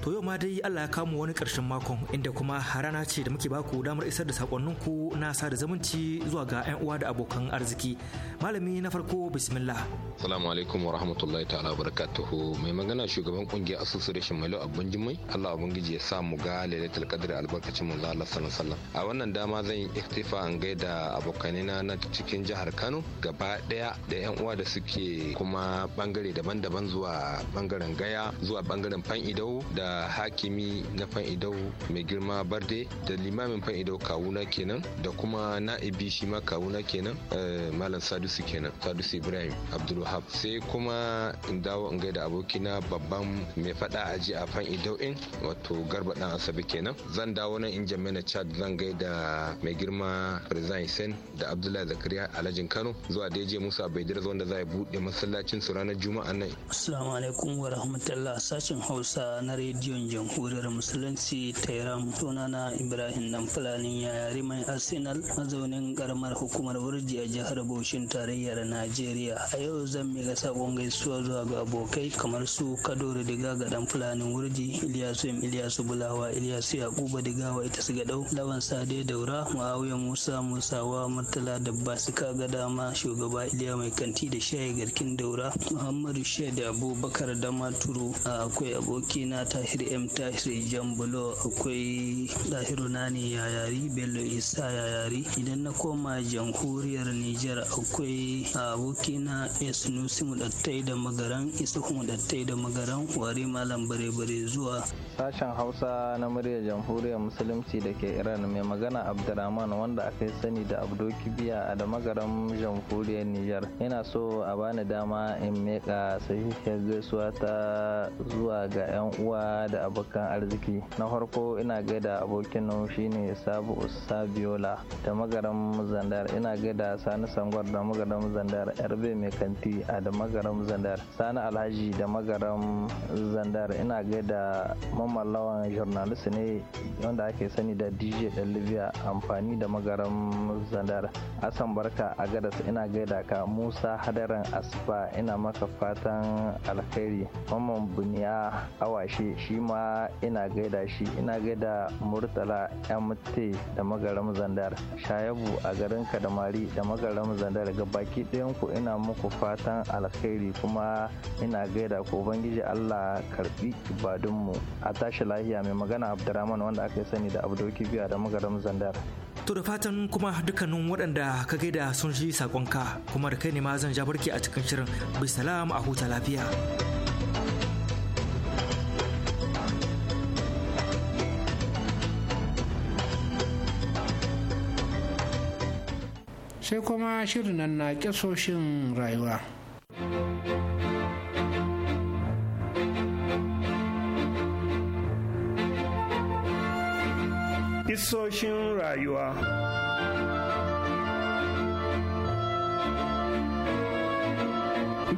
To yau ma dai Allah ya kamo wani ƙarshen makon inda kuma harana ce da muke baku damar isar da sakonninku na sada zumunci zuwa ga 'yan uwa da abokan arziki. Malami na farko bismillah. Assalamu alaikum wa rahmatullahi ta'ala barakatuhu. Mai magana shugaban kungiyar asusun da Shimalu abun jimai Allah ubangiji ya sa mu ga lailatul qadr albarkacin mu Allah sallallahu A wannan dama zan yi iktifa an gaida abokanina na cikin jihar Kano gaba daya da 'yan uwa da suke kuma bangare daban-daban zuwa bangaren Gaya zuwa bangaren Fan Idau da da hakimi na fan'idau mai girma barde da limamin fan'idau kawuna kenan da kuma na'ibi shi ma kawuna kenan eh, malam sadusi kenan sadusi ibrahim abdulwahab sai kuma in dawo in gaida abokina babban mai fada aji a fan'idau in wato garba dan asabi kenan zan dawo nan in na chad zan gaida mai girma rizan hussein da abdullahi zakariya alhajin kano zuwa da je musa zuwa wanda za a buɗe masallacin su ranar juma'a nan assalamu alaikum wa rahmatullah sashen hausa na rediyo rediyon jamhuriyar musulunci ta iran sunana ibrahim dan fulani yayari mai arsenal mazaunin karamar hukumar wurji a jihar Boshin tarayyar najeriya a yau zan miƙa sakon gaisuwa zuwa ga abokai kamar su kadoro diga ga dan fulanin wurji iliyasu yam iliyasu bulawa iliyasu yakuba digawa ita su gadau lawan sade daura muawiya musa musawa murtala da basika ga dama shugaba iliya mai kanti da shayi garkin daura muhammadu shaida abubakar damaturu akwai abokina ta tahir m tahir jambulo akwai dahiru nani yari bello isa yari idan na koma jamhuriyar niger akwai abokina esnusi mudattai da magaran isuhu mudattai da magaran ware malam bare-bare zuwa sashen hausa na muryar jamhuriyar musulunci da ke iran mai magana abdurrahman wanda aka yi sani da abdo a da magaran jamhuriyar niger yana so a bani dama in meka sahihiyar gaisuwa ta zuwa ga yan uwa da abokan arziki na farko ina gaida abokin nan shine sabu sabiola da magaran zandar ina gaida sani sangwar da magaran zandar yarbe mai kanti a da magaran zandar sani alhaji da magaran zandar ina gaida Muhammad Lawan journalist ne wanda ake sani da DJ ɗan Libya amfani da magaran zandar. Asan barka a gadas ina gaida ka Musa hadarin Asfa ina maka fatan alkhairi. Mamman Buniya Awashe shi ma ina gaida shi ina gaida Murtala MT da magaran zandar. Shayabu a garin Kadamari da magaran zandar baki ɗayan ku ina muku fatan alkhairi kuma ina gaida ku Ubangiji Allah karbi ibadunmu. tashi lahiya mai magana abdurrahman wanda aka yi sani da abdoki biya da magaram zandar to da fatan kuma dukkanin waɗanda ka gaida sun shi sakonka kuma da kai ne ma zan ja barki a cikin shirin bai salam a huta lafiya sai kuma shirin nan na kisoshin rayuwa. Kisoshin rayuwa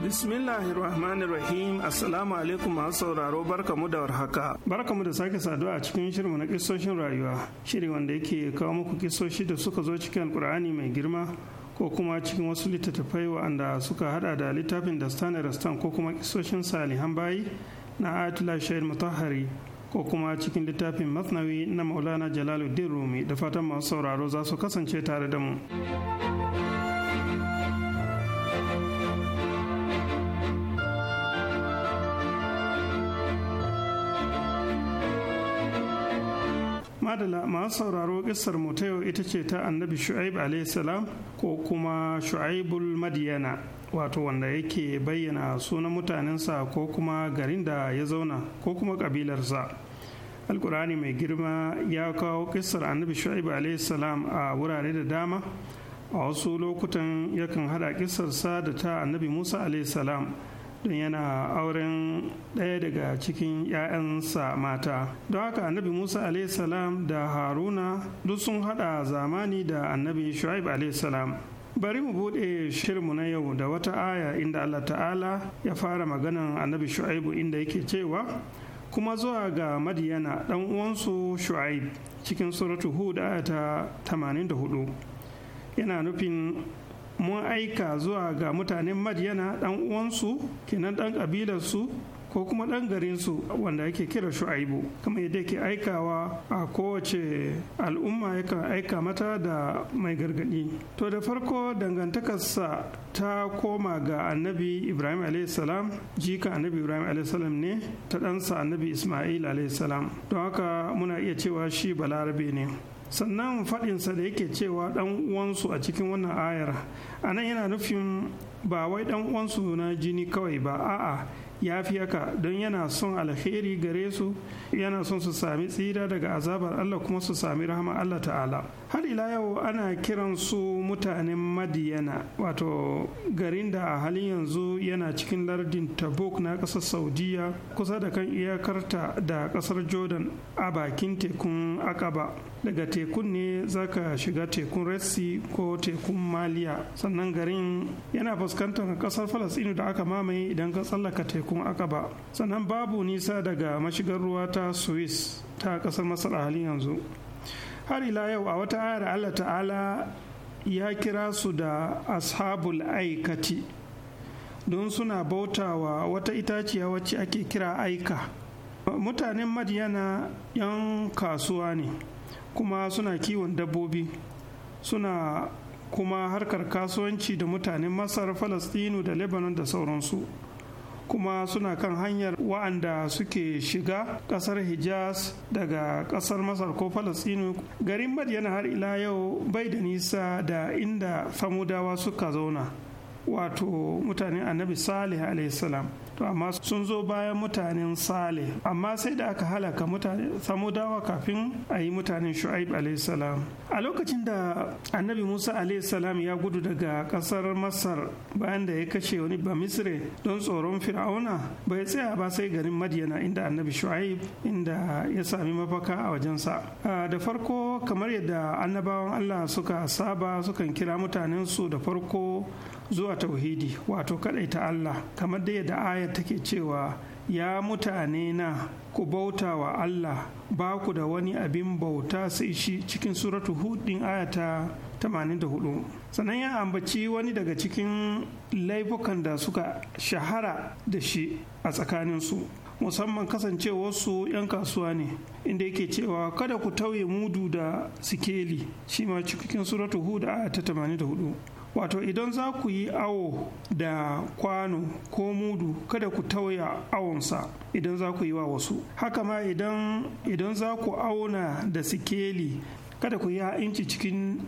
Bismillahir Rahmanir Rahim Assalamu alaikum masu sauraro barkamu da warhaka. Barkamu da sake saduwa a cikin shirin na kisoshin rayuwa, shiri wanda yake kawo muku kisoshi da suka zo cikin Alkur'ani mai girma ko kuma cikin wasu littattafai wa'anda suka hada da littafin da Stanley Rastan ko kuma kisoshin Salihan Bayi na Atula Shahid Mutahari ko kuma cikin littafin masnawi na maulana jalaluddin rumi da fatan masu sauraro za su kasance tare da mu madala masu sauraro ƙisar mu ita ce ta annabi shu'aib a.s. ko kuma shu'aibul madiyana wato wanda yake bayyana sunan mutanensa ko kuma garin da ya zauna ko kuma kabilarsa alkurani mai girma ya kawo ƙisar annabi shu'aib salam a wurare da dama a wasu lokutan yakan hada kisarsa da ta annabi musa salam don yana auren ɗaya daga cikin 'ya'yansa mata don haka annabi musa salam da haruna duk sun hada zamani da annabi shu'aib salam bari mu bude shirinmu na yau da wata aya inda Allah ta'ala ya fara maganan annabi shu'aibu inda yake cewa kuma zuwa ga madiyana dan uwansu shu'aib cikin suratu hud aya ta 84 yana nufin mun aika zuwa ga mutanen madiyana dan uwansu kenan dan kabilarsu ko kuma ɗan garinsu wanda ake kira shu'aibu kama yadda ke aikawa a kowace al'umma yakan aika mata da mai gargaɗi to da farko dangantakarsa ta koma ga annabi ibrahim salam jika annabi ibrahim salam ne ta ɗansa annabi ismail salam don haka muna iya cewa shi balarabe ne sannan faɗinsa da yake cewa ɗan uwansu a cikin wannan ayar a nan yana nufin ba wai ɗan uwansu na jini kawai ba a'a ya fi haka don yana son alheri gare su yana son su sami tsira daga azabar Allah kuma su sami rahama Allah ta'ala har ila yau ana kiran su mutanen madiyana wato garin da a halin yanzu yana cikin lardin tabuk na ƙasar saudiya kusa da kan iyakarta da ƙasar jordan a bakin tekun akaba daga tekun ne za ka shiga tekun resi ko tekun maliya sannan garin yana fuskantar ƙasar falasɗinu da aka mamaye idan ka tsallaka tekun tekun akaba sannan babu nisa daga mashigar ruwa ta swiss ta kasar masar a halin yanzu har ila yau a wata ayar allah ta'ala ya kira su da ashabul aikati don suna bautawa wata itaciya wacce ake kira aika mutanen madiyana 'yan kasuwa ne kuma suna kiwon dabbobi suna kuma harkar kasuwanci da mutanen masar falastinu da lebanon da sauransu kuma suna kan hanyar wa'anda suke shiga kasar hijaz daga kasar masar ko Falasinu, garin yana har ila yau bai da nisa da inda famudawa suka zauna wato mutanen annabi salih alaihissalam to amma sun zo bayan mutanen sale amma sai da aka halaka mutane dawa kafin a yi mutanen shu'aib salam. a lokacin da annabi musa salam ya gudu daga kasar masar bayan da ya kashe wani bamisre don tsoron fir'auna bai tsaya ba sai garin madiyana inda annabi shu'aib inda ya sami mafaka a wajensa da farko kamar yadda annabawan allah suka saba sukan kira mutanensu da farko zuwa tauhidi wato ta Allah kamar da yadda ayar take cewa ya mutane na ku bauta wa Allah ba ku da wani abin bauta sai shi cikin suratu hudin ayata 84 sannan ya ambaci wani daga cikin laifukan da suka shahara da shi a tsakaninsu musamman kasance wasu 'yan kasuwa ne inda yake cewa kada ku tauye mudu da sikeli shi ma cikin suratu hudu ayata 84 wato idan za ku yi awo da kwano ko mudu kada ku tauya awonsa idan za ku yi wa wasu haka ma idan za ku auna da sikeli kada ku yi inci cikin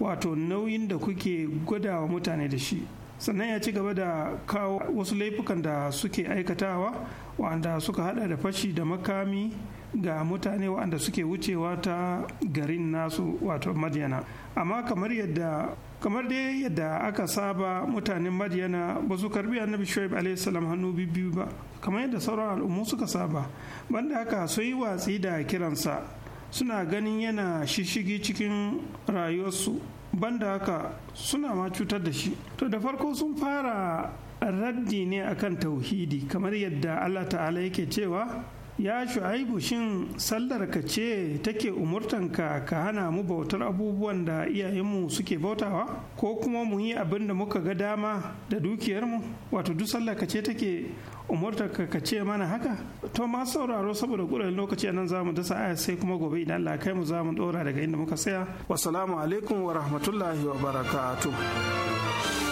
wato nauyin da kuke gwadawa mutane da shi sannan ya ci gaba da kawo wasu laifukan da suke aikatawa wanda suka hada da fashi da makami ga mutane waɗanda suke wucewa ta garin nasu wato madiyana amma kamar yadda kamar dai yadda aka saba mutanen madiyana ba su karbi annabi shoaib alaihissalam hannu biyu ba kamar yadda sauran al'ummu suka saba banda haka sun yi watsi da kiransa suna ganin yana shishigi cikin rayuwarsu banda haka suna ma cutar da shi to da farko sun fara raddi ne akan tauhidi kamar yadda allah ta'ala yake cewa ya shu'aibu shin sallarka ce take umurtanka ka hana mu bautar abubuwan da iyayenmu suke bautawa ko kuma mu yi abin da muka ga dama da dukiyarmu wato duk ka ce take umurtanka ka ce mana haka to ma sauraro saboda gurin lokaci anan za mu dasa aya sai kuma gobe idan Allah kai mu za mu dora daga inda muka tsaya wasalamu alaikum wa rahmatullahi wa barakatuh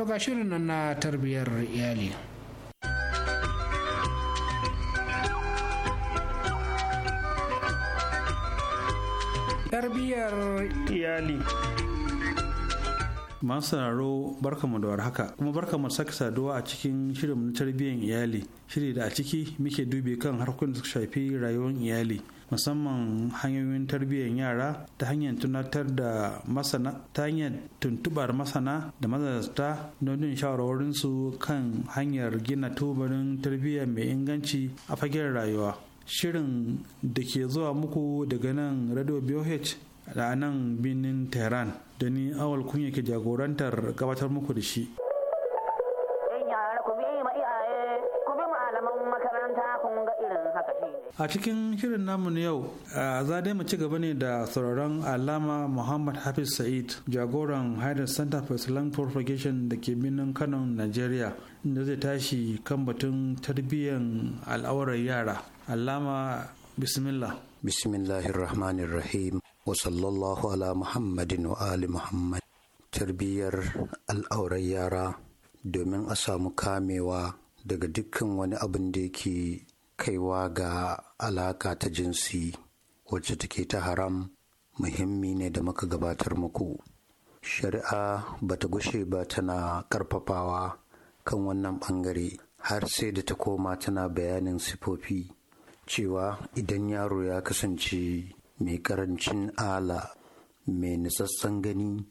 to ga shirin nan na tarbiyyar iyali tarbiyyar iyali masu sauraro barkamu da warhaka kuma barkamu saka saduwa a cikin shirin tarbiyyar iyali shiri da a ciki muke dube kan harkokin da suka shafi rayuwar iyali musamman hanyoyin tarbiyyar yara ta hanyar tunatar da masana ta hanyar tuntubar masana da mazarta don jin shawarwarinsu kan hanyar gina tubarin tarbiyya mai inganci a fagen rayuwa shirin da ke zuwa muku daga nan radio boh a nan birnin tehran da ni awal kunya ke jagorantar gabatar muku da shi. a cikin shirin namu na yau za dai mu ci gaba ne da sauraron alama muhammad hafiz sa'id jagoran haidar center for islam propagation da ke birnin kano nigeria inda zai tashi kan batun tarbiyyar al'aurar yara alama bismillah bismillahirrahmanirrahim wa sallallahu ala muhammadin wa ali muhammad tarbiyyar al'aurar yara domin a samu kamewa daga dukkan wani abin da yake kaiwa ga alaka ta jinsi wacce take ta haram muhimmi ne da muka gabatar muku shari'a ba ta gushe ba tana karfafawa kan wannan bangare har sai da ta koma tana bayanin sifofi cewa idan yaro ya kasance mai karancin ala mai nisassan gani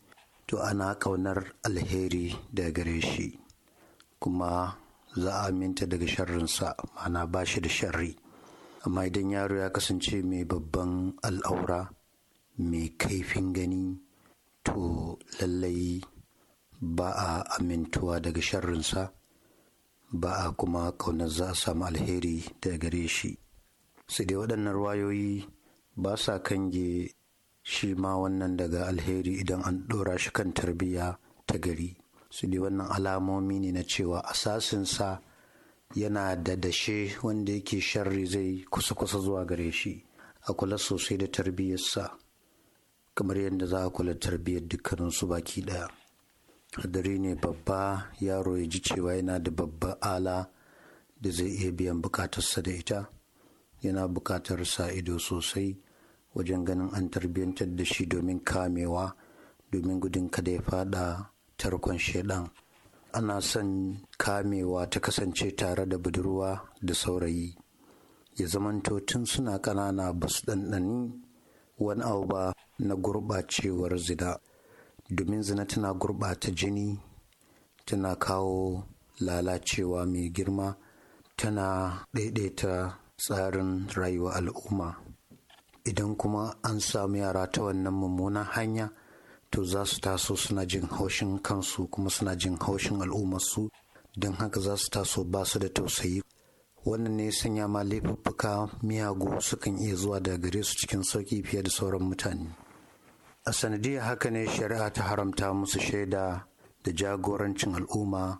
to ana ƙaunar alheri da gare shi kuma za a aminta daga sharrinsa mana ba shi da sharri amma idan yaro ya kasance mai babban al'aura mai kaifin gani to lallai ba a amintuwa daga sharrinsa ba a kuma kauna za a samu alheri daga gare shi sai dai waɗannan rayoyi ba sa kange shi ma wannan daga alheri idan an ɗora shi kan tarbiyya ta gari su ne wannan alamomi ne na cewa asasinsa yana da dashe wanda yake sharri zai kusa-kusa zuwa gare shi a kula sosai da tarbiyyarsa kamar yadda za a kula tarbiyyar dukkaninsu baki daya hadari ne babba yaro ya ji cewa yana da babba ala da zai iya biyan bukatarsa da ita yana bukatar sa ido sosai wajen ganin an tarbiyyantar da shi domin kamewa domin gudun kada ya fada tarkon shaidan ana son kamewa ta kasance tare da budurwa da saurayi ya zamanto tun suna ƙanana ba su ɗanɗani wani abu ba na gurɓacewar zina domin zina tana gurɓata jini tana kawo lalacewa mai girma tana ɗaiɗaita tsarin rayuwa al'umma idan kuma an samu yara ta wannan mummunan hanya to za su taso suna jin haushin kansu kuma suna jin haushin al'ummarsu don haka za su taso ba su da tausayi wannan ne sanya ma laifuffuka miyagu sukan iya zuwa da gare su cikin sauki fiye da sauran mutane a sanadiyar haka ne shari'a ta haramta musu shaida da jagorancin al'umma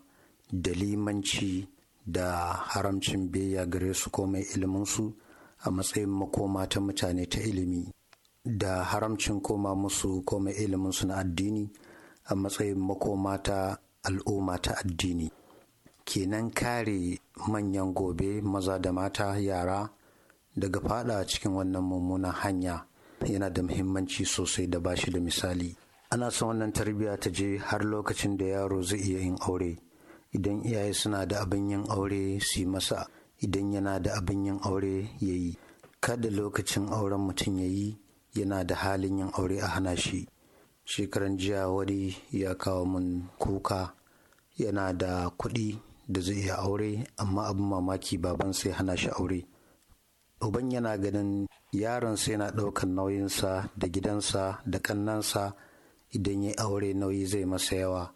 da limanci da haramcin biyayya gare su komai iliminsu a matsayin makoma ta mutane ta ilimi da haramcin koma musu koma ilimin su na addini a matsayin makomata al'umma ta addini kenan kare manyan gobe maza da mata yara daga fada cikin wannan mummunan hanya yana da muhimmanci sosai da bashi da misali ana son wannan tarbiyya ta je har lokacin da yaro zai iya yin aure idan iyaye suna da abin yin aure su yi masa idan yana da abin yin aure ya yi kada lokacin auren mutum ya yi yana da halin yin aure a hana shi shekaran jiya wani ya kawo mun kuka yana da kuɗi da zai iya aure amma abin mamaki baban sai hana shi aure uban yana ganin yaron sai yana ɗaukan nauyinsa da gidansa da ƙannansa idan ya aure nauyi zai masa yawa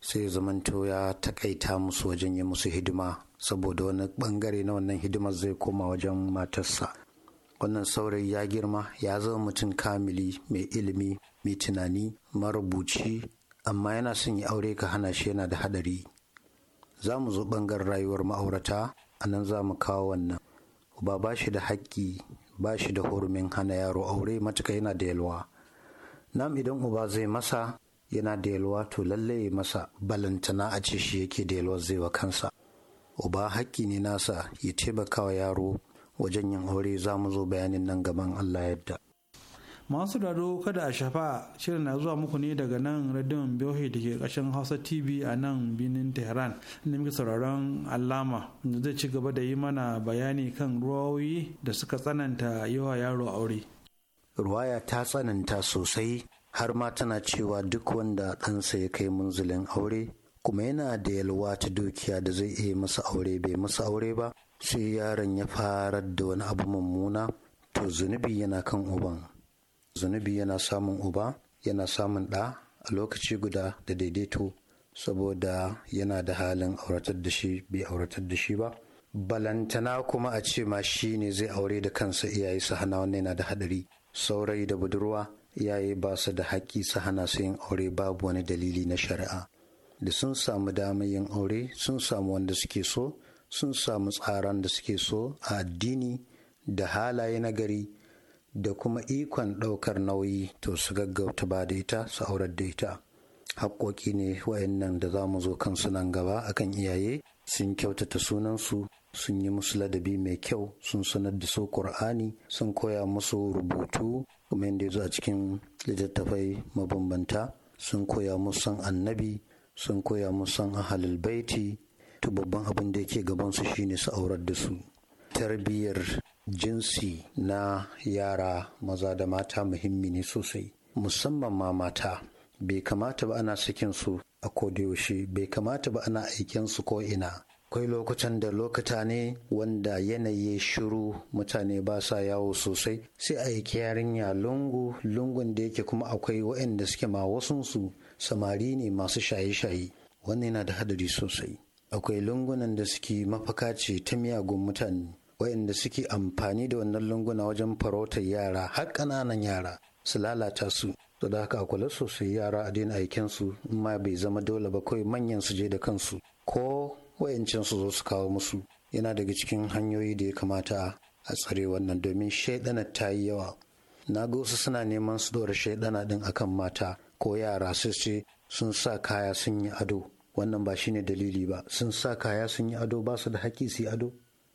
sai zamanto ya takaita musu wajen yi musu hidima saboda wani ɓangare na wannan hidimar zai koma wajen matarsa wannan saurayi ya girma ya zama mutum kamili mai ilimi mai tunani marubuci amma yana son ya aure ka hana shi yana da hadari za mu zo bangar rayuwar ma'aurata a nan za mu kawo wannan ba ba shi da haƙƙi ba shi da hurumin hana yaro aure matuka yana da yalwa nam idan uba zai masa yana da yalwa to lallai ya masa balantana a ce shi yake da yalwa zai wa kansa uba haƙƙi ne nasa ya taimaka wa yaro wajen yin aure za mu zo bayanin nan gaban Allah yadda. Masu rado kada a shafa shirin na zuwa muku ne daga nan radion Bihohi da ke ƙarshen Hausa TV a nan binin Tehran inda muke sauraron alama da zai ci gaba da yi mana bayani kan ruwayoyi da suka tsananta yawa yaro aure. Ruwaya ta tsananta sosai har ma tana cewa duk wanda ɗansa ya kai munzulin aure kuma yana da yalwa ta dukiya da zai iya masa aure bai masa aure ba sai yaron ya fara da wani abu mummuna to zunubi yana kan uban zunubi yana samun uba yana samun ɗa a lokaci guda da daidaito saboda yana da halin auratar da shi bai auratar da shi ba balantana kuma a ce ma shi ne zai aure da kansa iyaye su hana wannan yana da hadari saurayi da budurwa iyaye ba su da haƙƙi su hana su yin aure babu wani dalili na shari'a da sun samu damar yin aure sun samu wanda suke so sun samu tsaron da suke so a addini da halaye nagari, da kuma ikon ɗaukar nauyi to su gaggauta ba da ita su aurar da ita Haƙƙoƙi ne wayannan da za mu zo kansu nan gaba akan iyaye sun kyautata sunansu sun yi musu ladabi mai kyau sun sanar da su ƙur'ani sun koya musu rubutu kuma yadda ya zo a cikin littattafai mabambanta sun koya musu san annabi sun koya musu san ahalul baiti to babban abin da yake gabansu shine su aurar da su tarbiyyar jinsi na yara maza da mata muhimmi ne sosai musamman ma mata bai kamata ba ana sakin su a kodayaushe bai kamata ba ana aiken su ko ina akwai lokutan da lokuta ne wanda yanayi shiru mutane ba sa yawo sosai sai a yi yarinya lungu lungun da yake kuma akwai wa'anda suke ma wasunsu samari ne masu shaye-shaye wannan yana da hadari sosai akwai lungunan da suke mafaka ce ta miyagun mutane wayanda suke amfani da wannan lunguna wajen farautar yara har ƙananan yara su lalata su to da haka kula sosai yara a daina aikin su ma bai zama dole ba kawai manyan su je da kansu ko wayancin su zo su kawo musu yana daga cikin hanyoyi da ya kamata a tsare wannan domin shaidana ta yi yawa na ga wasu suna neman su dora shaidana din akan mata ko yara sai sun sa kaya sun yi ado wannan ba shi ne dalili ba sun sa kaya sun yi ado ba su da haƙƙi su yi ado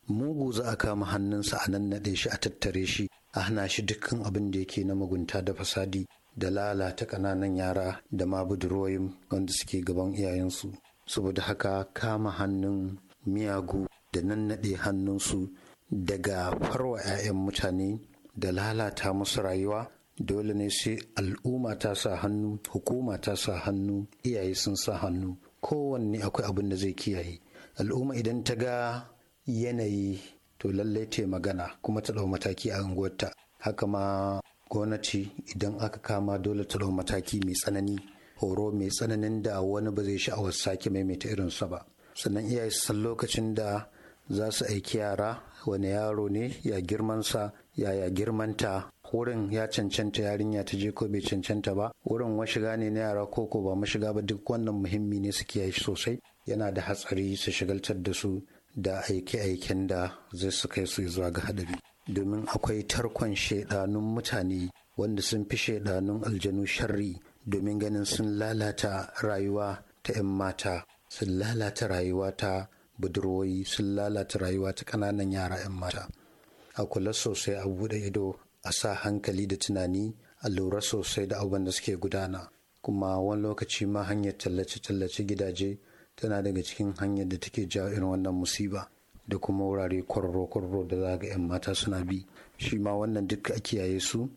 mugu za a kama hannunsa a nan naɗe shi a tattare shi a hana shi dukkan abin da yake na mugunta da fasadi da lalata ƙananan yara da ma budurwoyin wanda suke gaban iyayensu saboda haka kama hannun miyagu da nannaɗe hannunsu daga farwa 'ya'yan mutane da lalata musu rayuwa dole ne sai al'umma ta sa hannu hukuma ta sa hannu iyaye sun sa hannu kowanne akwai abin da zai kiyaye al'umma idan ta ga yanayi to lallai ta magana kuma ta ɗau mataki a unguwarta haka ma gwamnati idan aka kama dole ta ɗau mataki mai tsanani horo mai tsananin da wani ba zai sha'awar sake maimaita sa ba sannan iyaye su san lokacin da za su aiki yara wani yaro ne ya girmansa yaya girmanta wurin ya cancanta yarinya ta je ko bai cancanta ba wurin shiga ne na yara ko ko ba mu shiga ba duk wannan muhimmi ne suke kiyaye sosai yana da hatsari su shigaltar da su da aike-aiken da zai su kai su zuwa ga hadari domin akwai tarkon shaidanun mutane wanda sun fi shaidanun aljanu sharri domin ganin sun lalata rayuwa ta 'yan mata sun lalata rayuwa ta budurwoyi sun lalata rayuwa ta ƙananan yara 'yan mata a kula sosai a bude ido a sa hankali da tunani a lura sosai da abin da suke gudana kuma wani lokaci ma hanyar tallace-tallace gidaje tana daga cikin hanyar da take jawo irin wannan musiba da kuma wurare kwarro-kwarro da za ga 'yan mata suna bi shi ma wannan duk a kiyaye su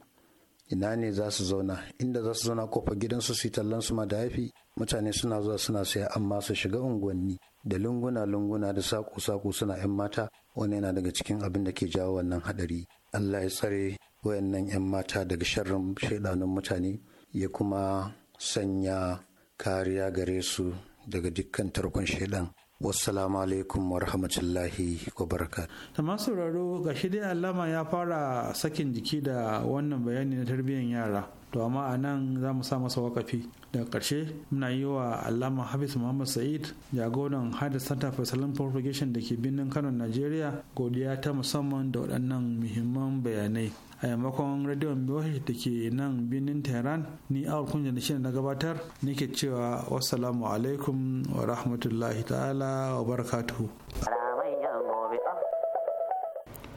ina ne za su zauna inda za su zauna kofa gidansu su tallan su ma da haifi? mutane suna zuwa suna saya amma su shiga unguwanni da lunguna-lunguna da saƙo-saƙo suna 'yan mata wani yana daga cikin abin da ke jawo wannan hadari. allah ya tsare wayannan 'yan mata daga sharrin shaidanun mutane ya kuma sanya kariya gare su daga dukkan tarkon shaidan wassalamu alaikum wa rahmatullahi wa baraka ta masu sauraro ga dai alama ya fara sakin jiki da wannan bayani na tarbiyyar yara to amma a nan za mu sa masa wakafi daga karshe muna yi wa alama hafiz muhammad sa'id jagoran hada center for salon propagation da ke birnin kano nigeria godiya ta musamman da waɗannan muhimman bayanai a yammakon radiyon biyoshi da ke nan birnin tehran ni a kunja da shirin na gabatar nake cewa 'Wasalamu alaikum wa rahmatullahi ta'ala wa barakatuhu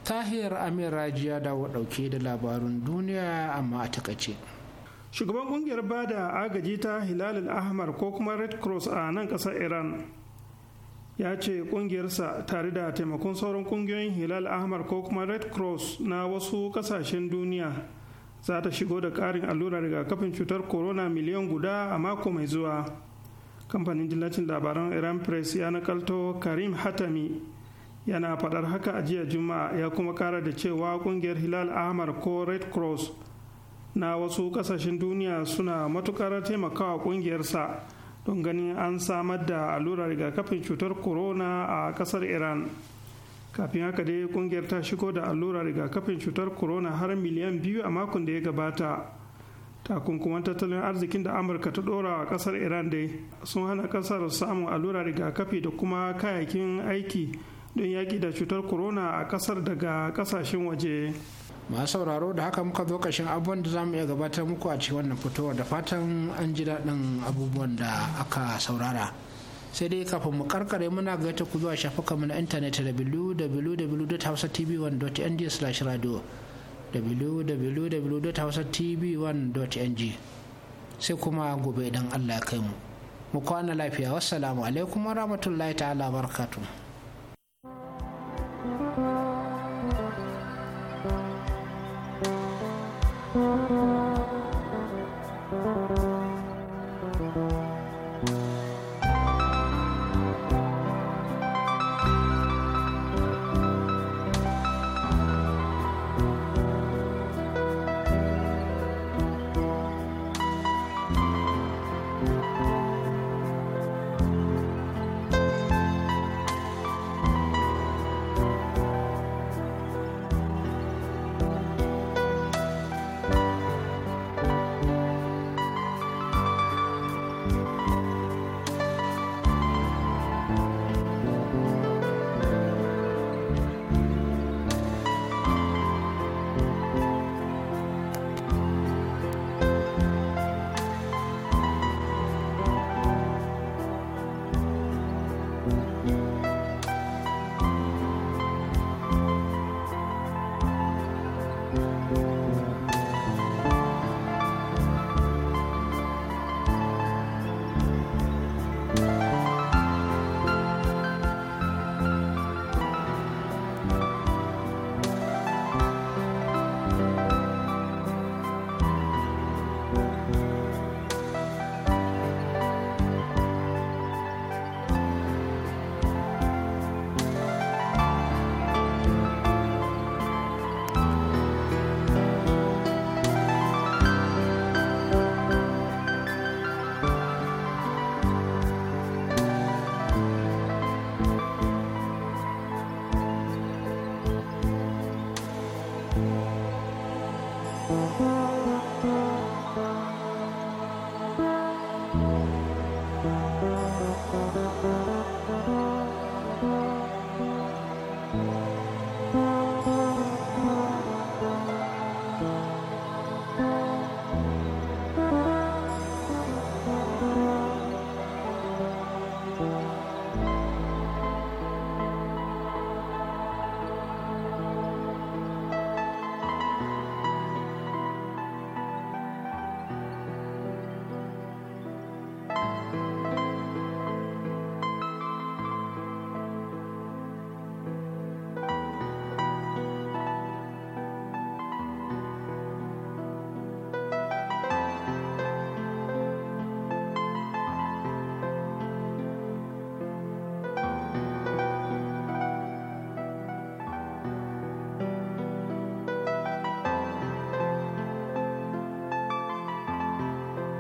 tahir amir rajiya da dauke da labarun duniya amma a takaice shugaban kungiyar bada agaji ta hilalin ahmar ko kuma red cross a nan kasar iran ya ce kungiyarsa tare da taimakon sauran kungiyoyin hilal ahmar ko kuma red cross na wasu kasashen duniya za ta shigo da karin allurar rigakafin cutar corona miliyan guda a mako mai zuwa kamfanin dillacin labaran iran press ya nakalto karim hatami yana faɗar haka a jiya juma'a ya kuma kara da cewa kungiyar hilal ahmar ko red cross na wasu kasashen duniya suna matukar taimakawa kungiyarsa don ganin an samar da allurar rigakafin cutar corona a kasar iran kafin haka dai kungiyar ta shigo da allurar rigakafin cutar corona har miliyan biyu a makon da ya gabata takunkuman tattalin arzikin da amurka ta dora a kasar iran dai sun hana kasar samun allurar rigakafi da kuma kayayyakin aiki don yaƙi da cutar corona a kasar daga kasashen waje. Ma sauraro da haka muka zo kashin abubuwan da za mu iya gabatar muku a cikin wannan fitowar da fatan an ji daɗin abubuwan da aka saurara sai dai kafin mu karkare muna ta ku zuwa mu na intanet www.hausatv1.ng/radio www.hausatv1.ng sai kuma gobe idan Allah ya kai mu mu kwana lafiya wassalamu alaikum warahmatullahi ta'ala barakatuh